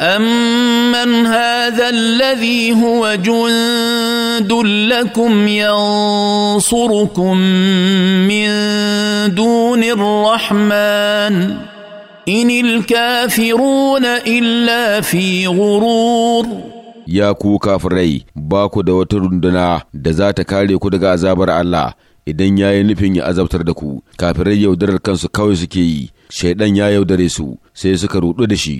امن هذا الذي هو جند لكم ينصركم من دون الرحمن ان الكافرون الا في غرور يا ku kafirai ba ku da wata runduna da za ta kare ku daga azabar Allah idan ya yi nufin ya azabtar da ku kafirai yaudarar kansu kawai suke yi shaidan ya yaudare su sai suka ruɗu da shi